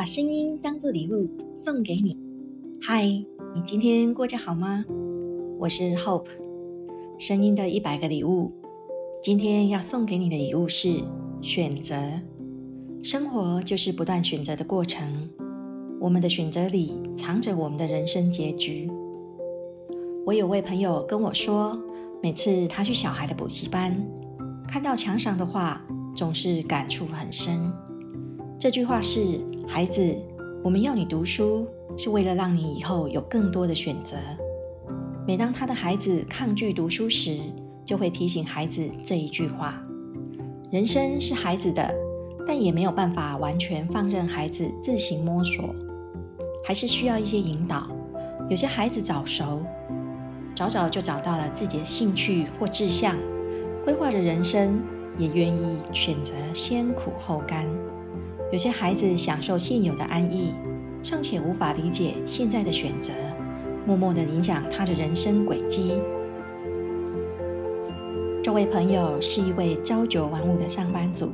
把聲音當作禮物送給你。嗨，你今天過得好嗎？我是 Hope，聲音的一百個禮物。今天要送給你的禮物是選擇。生活就是不斷選擇的過程。我們的選擇裡藏着我們的人生結局。我有位朋友跟我說，每次他去小孩的補習班，看到牆上的畫，總是感觸很深。這句話是，孩子，我們要你讀書，是為了讓你以後有更多的選擇。每當他的孩子抗拒讀書時，就會提醒孩子這一句話：人生是孩子的，但也沒有辦法完全放任孩子自行摸索，還是需要一些引導。有些孩子早熟，早早就找到了自己的興趣或志向，規劃着人生，也願意選擇先苦後甘。有些孩子享受現有的安逸，尚且無法理解現在的選擇，默默地影響他的人生軌跡。這位朋友是一位朝九晚五的上班族，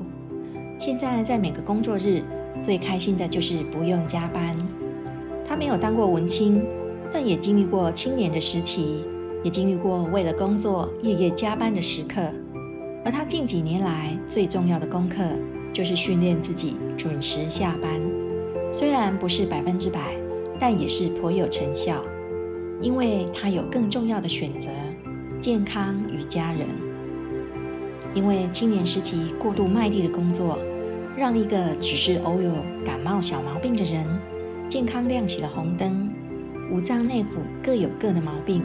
現在在每個工作日最開心的就是不用加班。他沒有當過文青，但也經歷過青年的時期，也經歷過為了工作夜夜加班的時刻。而他近幾年來最重要的功課，就是訓練自己準時下班，雖然不是百分之百，但也是頗有成效。因為他有更重要的選擇：健康與家人。因為青年時期過度賣力的工作，讓一個只是偶有感冒小毛病的人，健康亮起了紅燈，五臟內腑各有各的毛病。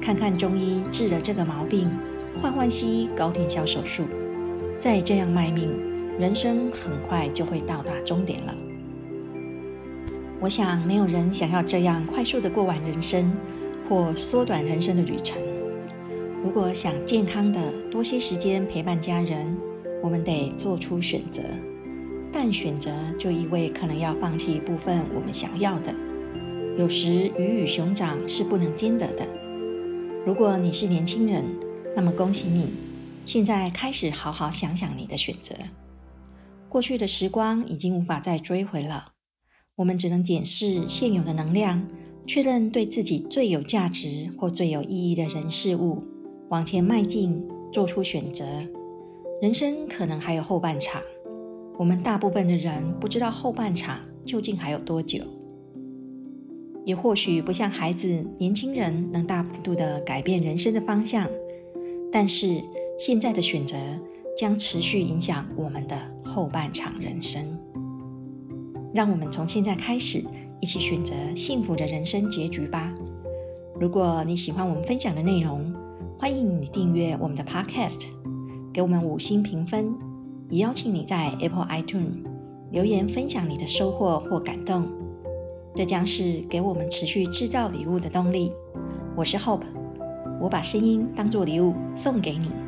看看中醫治了這個毛病，換換西醫搞點小手術，再這樣賣命。人生很快就會到達終點了。我想，沒有人想要這樣快速的過完人生，或縮短人生的旅程。如果想健康的多些時間陪伴家人，我們得做出選擇。但選擇就意味可能要放棄一部分我們想要的。有時魚與熊掌是不能兼得的。如果你是年輕人，那麼恭喜你，現在開始好好想想你的選擇。過去的時光已經無法再追回了，我們只能檢視現有的能量，確認對自己最有價值或最有意義的人事物，往前邁進，做出選擇。人生可能還有後半場，我們大部分的人不知道後半場究竟還有多久，也或許不像孩子、年輕人能大幅度的改變人生的方向，但是現在的選擇。將持續影響我們的後半場人生。讓我們從現在開始，一起選擇幸福的人生結局吧。如果你喜歡我們分享的內容，歡迎你訂閱我們的 Podcast，給我們五星評分，也邀請你在 Apple iTunes 留言分享你的收穫或感動。這將是給我們持續製造禮物的動力。我是 Hope，我把聲音當作禮物送給你。